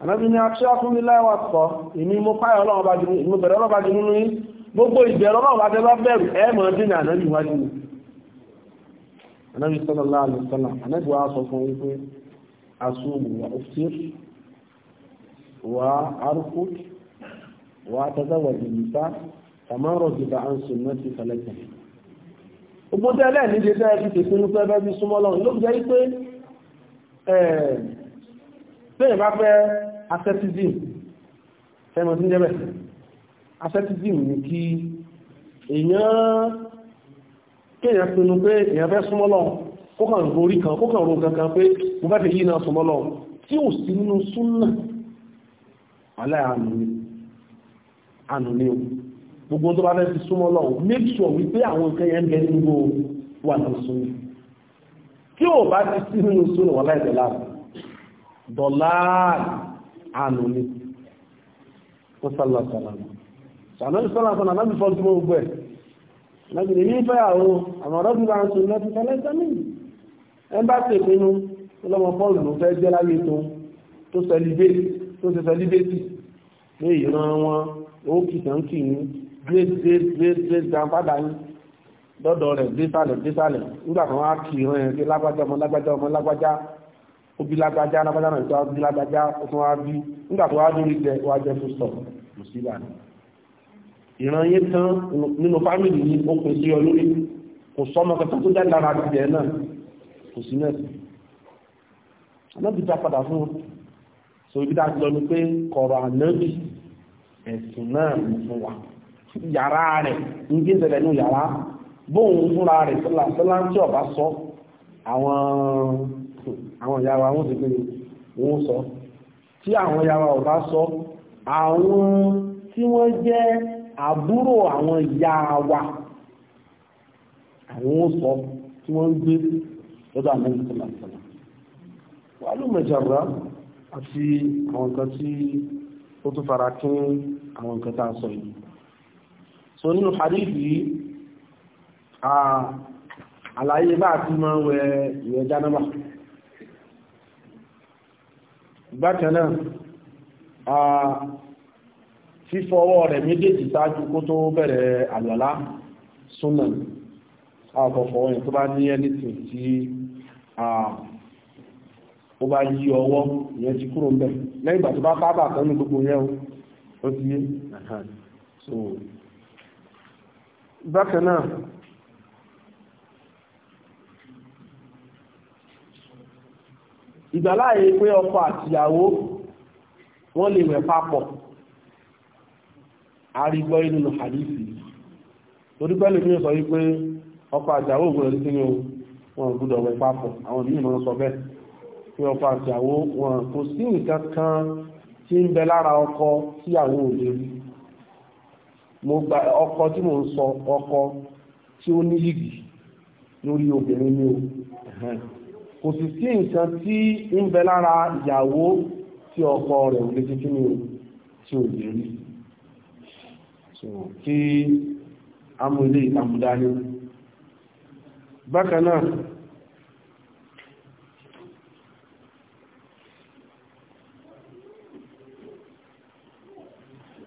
ànábì ní aṣọ fún mi láwà kọ ìní mo páyọ ọlọ́run bá jù mo bẹ̀rẹ̀ ọlọ́run bá jù nínú yín gbogbo ìbẹ̀rẹ̀ ọlọ́run bá tẹ́lá bẹ̀rù ẹ mọ̀ dín ní ànábì wájú mi ànábì sallallahu alaihi wasallam ànábì wa sọ fún yín pé asúmù wa uftir wa arukut wa tàmárọ̀ gbìbà à ń sùn náà ti fẹlẹ́tẹ̀. gbogbo tẹ́lẹ̀ nílé tẹ́lẹ̀ fi tètè ní pẹ́ẹ́ bí súnmọ́ lọ́run ló jẹ́ pé bẹ́ẹ̀ ni kí èèyàn kéèyàn pinnu pé èèyàn fẹ́ súnmọ́ lọ́run kó kàn gorí kan kó kàn ro kankan pé mo tí ò sí nínú súnnà aláàánú ni gbogbo tó bá fẹ́ fi súnmọ́ lọ́wọ́ make sure wípé àwọn nǹkan yẹn ń bẹ nínú wà ní súnmọ́ tí ò bá ti sí nínú súnmọ́ wọn láì dọ̀là dọ̀là àánú ni ó sálà sálà sànà sálà sálà náà bí fọ́jú mọ́ gbogbo ẹ̀ láti lè ní fẹ́ àwọn àwọn ọ̀rọ̀ bí wọn tún lọ́tún fẹ́lẹ́ sẹ́mi ẹ bá ṣe pinnu ọlọ́mọ Pọ́ọ̀lù ló fẹ́ jẹ́ láyé tó tó sẹlibé tó ṣe sẹlibé sí ní ìran wọn ó kìtàn gbé gbé gbé gbé gbàǹfàdà yín lọ́dọ̀ rẹ̀ gbé sálẹ̀ gbé sálẹ̀ nígbà kan wá kì í rán yẹn pé lágbájá ọmọ lágbájá ọmọ lágbájá ó bí lágbájá lágbájá náà tó bí lágbájá ó tún wá bí nígbà tó wá lórí jẹ wá jẹ fún sọ mùsíbà ni ìran yín tán nínú fámìlì yìí ó pè sí ọ lórí kò sọmọ kankan tó jáde lára ti jẹ náà kò sí náà sí anábì já padà fún un so ibi dáa ti lọ ni pé kọ̀rọ̀ ànábì ẹ̀sùn náà ló fún wa yàrá rẹ̀ ń gbé ìṣẹ̀lẹ̀ nínú yàrá bóun fúnra rẹ̀ sọ́lá tí ọba sọ àwọn àwọn ìyá wa wọ́n ti pé wọ́n sọ tí àwọn ìyá wa ọba sọ àwọn tí wọ́n jẹ́ àbúrò àwọn ìyá wa àwọn ó sọ tí wọ́n ń gbé lọ́dọ̀ àmẹ́lì sọ́làsọ́là wà ló mẹ́jọba àti àwọn nǹkan tí ó tún fara kí àwọn nǹkan tá a sọ yìí so nínú hadith yìí àlàyé bá ti máa wẹ ìwẹ̀ jánábà bákan náà fífọwọ́ rẹ̀ méjèèjì sáájú kó tó bẹ̀rẹ̀ àlọ́lá súnmọ̀ àkọ̀fọ̀wọ́ yẹn tó bá ní ẹnìtì tí ó bá yí ọwọ́ ìyẹn ti kúrò ń bẹ̀ lẹ́yìn ìgbà tó bá pápá kan ní gbogbo yẹn ó ti yé so bákan náà ìgbàláyé pé ọkọ àtìyàwó wọ́n lè wẹ̀ papọ̀ arígbọ́ inú hadithi torí pẹ́lú ní sọ wípé ọkọ àtìyàwó ògbọ́n ní kíni wọn gbọ́dọ̀ wẹ̀ papọ̀ àwọn míì mọ́ sọ bẹ́ẹ̀ pé ọkọ àtìyàwó wọn kò sí nǹkan kan tí ń bẹ lára ọkọ tíyàwó òde rí mo gba ọkọ tí mo ń sọ ọkọ tí ó ní yìgì lórí obìnrin ni o kò sì sí nǹkan tí ń bẹ lára ìyàwó tí ọkọ rẹ̀ ò lè ṣe kí ni o tí ò lè rí kí amúlé àmúdání bákan náà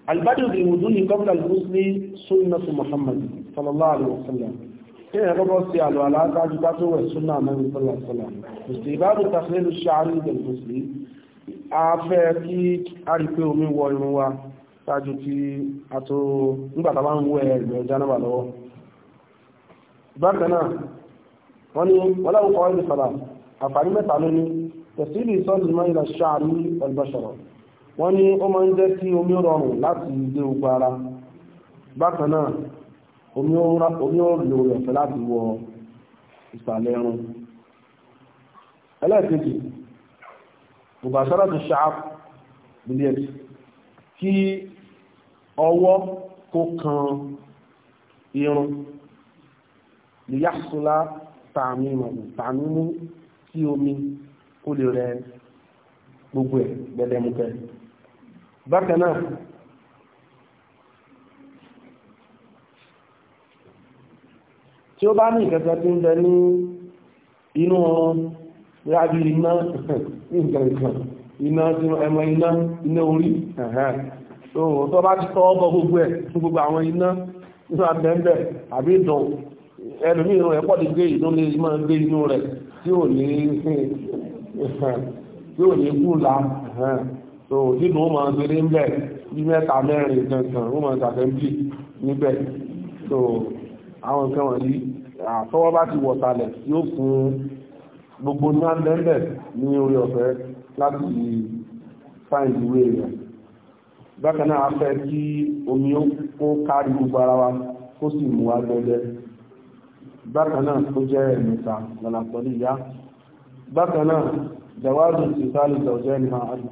البدء بالوضوء قبل الغسل سنة محمد صلى الله عليه وسلم كي يغبر سي على الولاء تعجباته والسنة من صلى الله عليه وسلم استيباب تخليل الشعر بالغسل afẹ́ kí a rí pé omi wọ irun wa ṣáájú kí a tó nígbàtà bá ń wẹ ẹ̀rọ jánàbà lọ́wọ́ bákan náà wọ́n ni wọ́láwọ́ kọ́ ẹ̀rọ sọ̀rọ̀ àǹfààní mẹ́ta lónìí tẹ̀sílì sọ́ọ̀lù mọ́ ìlà ṣáà ní ọlbọ́sọ̀rọ̀ wọ́n ní ó máa ń jẹ́ kí omi rọrùn láti dé ogun ara bákan náà omi ó lò rẹ̀ fẹ́ láti wọ ìsàlẹ̀ ẹrun ẹlẹ́ẹ̀kejì mùbàṣárà ti ṣááp bílíẹ̀tì kí ọwọ́ kó kan irun lè tààmì ìmọ̀lù tààmì mú sí omi kó lè rẹ gbogbo ẹ̀ gbẹdẹmukẹ bákan náà tí ó bá ní ìkẹta tí ń bẹ ní inú rábí iná nǹkan iná ẹmọ iná iná orí tó bá ti tọ́ọ́ bọ́ gbogbo ẹ̀ fún gbogbo àwọn iná nínú abẹ́ẹ̀bẹ̀ àbí ìdàn ẹlùmí ìrún ẹ̀pọ̀ ti gbé ìdún lè máa gbé inú rẹ̀ tí ò ní gùn so nínú wọn máa gbére ńbẹ bí mẹ́ta mẹ́rin kankan wọn máa sàtẹ́ńbì níbẹ̀ so àwọn nǹkan wọ̀nyí àtọwọ́ bá ti wọ̀talẹ̀ yóò fún gbogbo ní àndẹ́ńbẹ̀ ní orí ọ̀fẹ́ láti fáìn ìwé rẹ̀ bákan náà a fẹ́ kí omi ó kárí gbogbo ara wa kó sì mú wa gbẹgbẹ bákan náà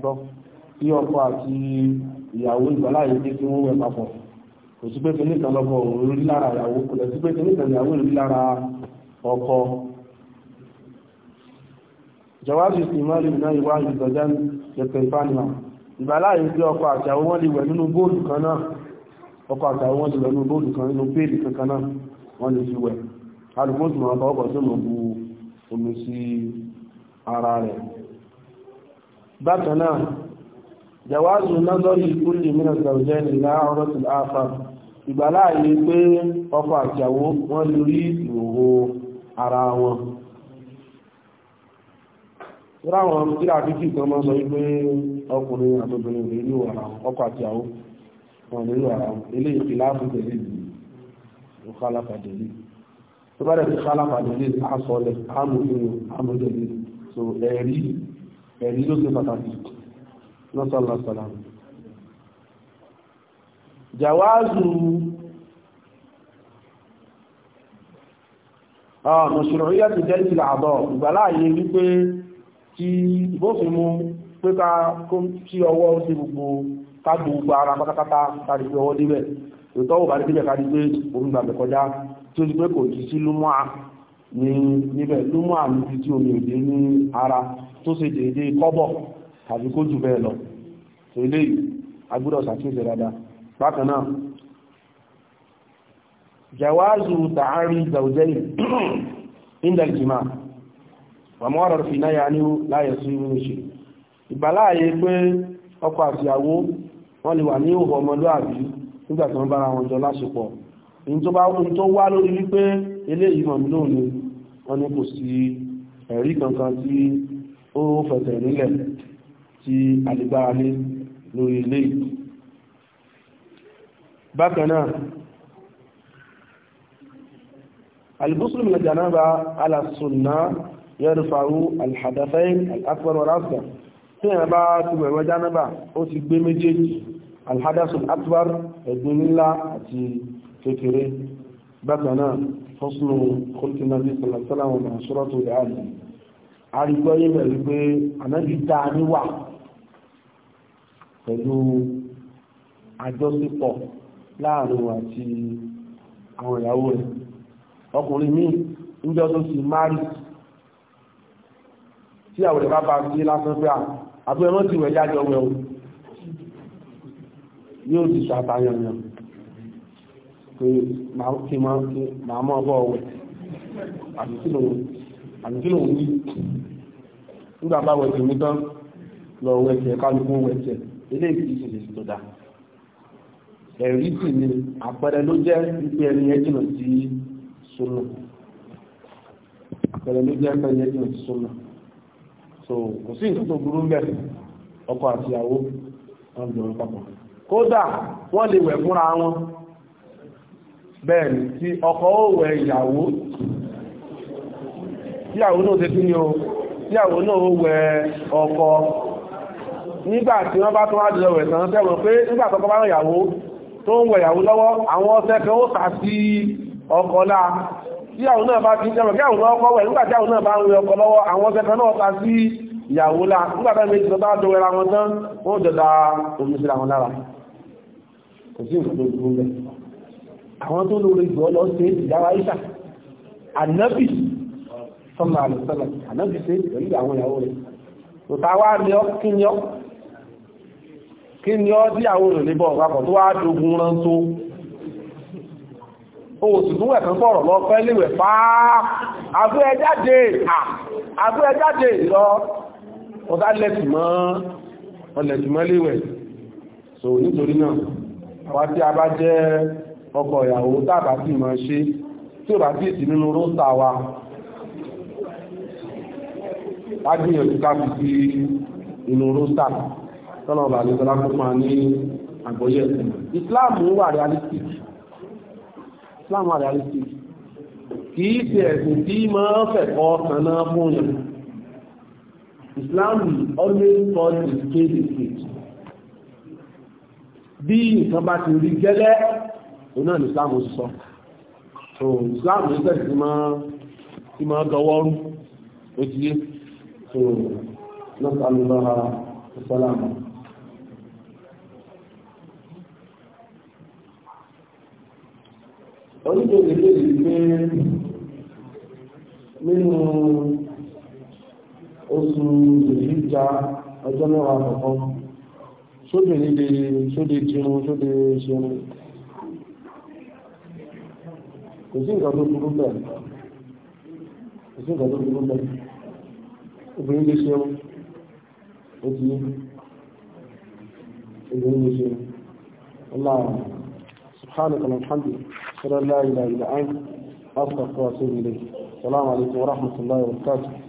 tó jẹ́ kí ọkọ àti ìyàwó ìgbàláyé dé kí wọ́n wẹ̀ papọ̀ kò sí pé kí nìkan lọ́kọ òun rí lára ìyàwó kò lẹ́sí pé kí nìkan ìyàwó rí lára ọkọ jọwájú sí ìmọ̀lẹ̀ náà ìwà ìgbọ̀já yẹ̀pẹ̀ ìfànìyà ìgbàláyé pé ọkọ àti àwọn wọn lè wẹ̀ nínú góòlù kan náà ọkọ àti àwọn wọn lè wẹ̀ nínú góòlù kan nínú péèlì kankan náà wọ́n lè fi wẹ̀ alùpùpù máa bá ọkọ̀ tó mọ̀ omi sí ara rẹ̀ bákan náà jawazu nazari kulli min az-zawjayn ila 'awrati al-akhar ìgbàláàyè pé ọkọ àtìyàwó wọ́n lè rí ìhòòhò ara wọn ráwọn tíra fífì kan mọ́ sọ wípé ọkùnrin àtòbìnrin rẹ̀ ló ara ọkọ àtìyàwó wọn lè lò ara ilé ìfìláàfù tẹ̀lé ìlú ìkálàfà tẹ̀lé tó bá dẹ̀ ti kálàfà tẹ̀lé àsọlẹ̀ àmúfin àmúdẹ̀lé so ẹ̀rí ẹ̀rí ló ṣe pàtàkì lọ́sọ̀lọ́ sọ̀lá jàwáàzù mọ̀ṣùrùyà ti jẹ́ ìsìlẹ̀ àbọ̀ ìgbàláàyè wípé tí ìbófin mú pé ká kó tí ọwọ́ sí gbogbo kágbò gbogbo ara pátápátá tàbí pé ọwọ́ débẹ̀ ìtọ́wò bá débẹ̀ kárí pé omi gbàgbẹ̀ kọjá tí ó ti pé kò jí sí lúmọ́à ní níbẹ̀ lúmọ́à níbi tí omi òde ní ara tó ṣe déédéé kọ́bọ̀ tàbí kó jù bẹ́ẹ̀ lọ tó ilé yìí agbúdọ̀ sàkíyèsí dáadáa bákan náà jawazu ta'ari zawjayn inda al-jima wa mawarar fi náà yà ní láyé sí ìrìnṣẹ́ ìgbàláàyè pé ọkọ àtìyàwó wọ́n lè wà ní òhò ọmọlúàbí nígbà tí wọ́n bára wọn jọ láṣepọ̀ in tó bá ń tó wá lórí wípé eléyìí mọ̀ lóun ni wọ́n ní kò sí ẹ̀rí kankan tí ó fẹsẹ̀ nílẹ̀ tí alìgbára lé lórí ilé bákanáà alìbúsùlù min al-janaba ala sunna yarfa'u al-hadathayn al-akbar wal asghar tí ẹ̀yà bá ti bẹ̀rẹ̀ jánàbà ó ti gbé méjèèjì alhadasul akbar ẹ̀gbìn ńlá àti kékeré bákanáà fọ́sùlù kòtìnàbí sàlàsàlà wọn àṣírọ́tò ìhàlì àrígbọ́ yẹ́ bẹ̀rẹ̀ pé pẹ̀lú àjọṣepọ̀ láàrin àti àwọn ìyàwó rẹ̀ ọkùnrin míì níjọ́ tó ti márì tí àwọn ìbá bá sí lásán pé àbú ẹmọ́ ti wẹ̀ jájọ wẹ̀ o yóò ti ṣàtàyànyàn pé màá mọ́ ọgbọ́ ọwẹ̀ àdìsílò wí nígbà bá wẹ̀ tèmi lọ wẹ̀ tẹ̀ kálukú wẹ̀ tẹ̀ eléyìí ti ṣe lèṣù ẹ̀rí sì ni àpẹẹrẹ ló jẹ́ wípé ẹni ẹjìnà sí súnmọ́ àpẹẹrẹ ló jẹ́ ẹni ẹjìnà sí súnmọ́ so kò sí nǹkan tó burú mbẹ ọkọ àti ìyàwó wọn papọ̀ kódà wọ́n lè wẹ̀ fúnra wọn tí ó ìyàwó náà ni náà ó nígbà tí wọ́n bá tún wá jùlọ rẹ̀ tàn tẹ́wọ̀n pé nígbà tọ́kọ bá ìyàwó tó ń wọ ìyàwó lọ́wọ́ àwọn ọṣẹ kan ó tà sí ọkọ láà tí àwọn náà bá ti jẹ́mọ̀ kí àwọn ọkọ wẹ̀ nígbà tí àwọn náà bá ń wẹ ọkọ lọ́wọ́ àwọn ọṣẹ kan náà tà sí ìyàwó láà nígbà tí méjì tó bá tó wẹra wọn tán wọ́n jọ̀dá omi sí àwọn lára kò sí nǹkan tó dúró lẹ̀ àwọn tó lóore jù ọ lọ ṣe ìdára ìṣà ànábì sọmọ àlùsọlọ ànábì ṣe pẹ̀lú àwọn ìyàwó rẹ̀ tòtá wá ní ọ kí ni ọ kí ni ọ́ tí àwọn òrùn níbọ̀ papọ̀ tó wá dogun rán tó oòsù tún wẹ̀ kan fọ̀rọ̀ lọ pẹ́ léwẹ̀ fáá àbúẹjáde àbúẹjáde lọ ọ̀dá lẹ́tìmọ́ ọlẹ̀tìmọ́ léwẹ̀ so nítorí náà àwa tí a bá jẹ́ ọkọ ìyàwó tàbá sí mọ́ ṣe tí ó bá sí ìsì nínú róńtà wa lágbìyànjú ká fi sí inú róńtà tọ́lọ̀ ọba àdìsọ́lá kó máa ní àgbọ́yé ẹ̀sìn Islam wà realistic Islam wà realistic kì í ṣe ẹ̀sìn tí máa ń fẹ̀kọ́ kaná fún yàn Islam always thought the case is case bí nǹkan bá ti rí gẹ́lẹ́ òun náà ní Islam ó sọ so Islam ní sẹ́sì tí máa dọwọ́rú ó ti yé so lọ́sàlùbára ìsọ́lámù oníkèké kéde pé nínú oṣù ìjà ọjọ́ mẹ́wàá kọ̀ọ̀kan sóde níbi sóde tirun sóde ṣeun kò sí nǹkan tó burú bẹ́ẹ̀ kò sí nǹkan tó burú bẹ́ẹ̀ obìnrin lè ṣeun ó ti yé obìnrin lè ṣeun ọlá subhanahu wa ta'ala أشهد أن لا إله إلا أنت أصدق وأتوب إليك السلام عليكم ورحمة الله وبركاته